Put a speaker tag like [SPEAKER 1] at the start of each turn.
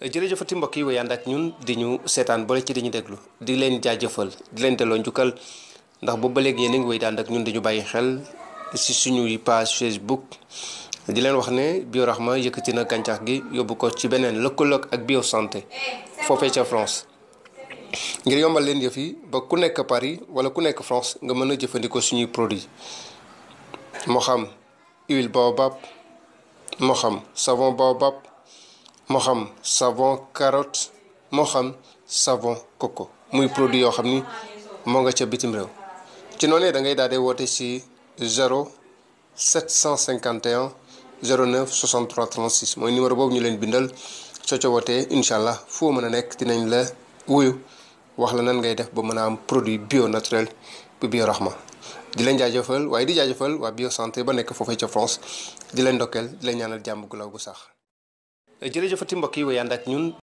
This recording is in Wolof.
[SPEAKER 1] jërëjëfati mbokk yi way ànd ak ñun di ñu seetaan boole ci di ñu déglu di leen jaajëfal di leen delloo njukkal ndax boobu ba léegi yéen a ngi wéy ànd ak ñun di ñu bàyyi xel si suñuy page Facebook di leen wax ne Biorahma yëkkati na gàncax gi yóbbu ko ci beneen lëkkaloog ak bio santé foofee ca France. ngir yombal leen yëf yi ba ku nekk Paris wala ku nekk France nga mën a jëfandikoo suñuy produit moo xam huile baobab moo xam savon baobab. moo xam savon carotte moo xam savon coco muy produit yoo xam ni moo nga ca bitim réew ci noonee da ngay daal di woote si 0 751 09 63 36 mooy numéro boobu ñu leen bindal soo ca wootee incha allah foo mën a nekk dinañ la wuyu wax la nan ngay def ba mën a am produit bio naturel bu bio rahma di leen jaajëfal waaye di jaajëfal waa bio santé
[SPEAKER 2] ba nekk foofee ca France di leen ndokkeel di ñaanal jàmm gu gu sax
[SPEAKER 3] jërëjëfati mbokk yi way ànd ak
[SPEAKER 2] ñun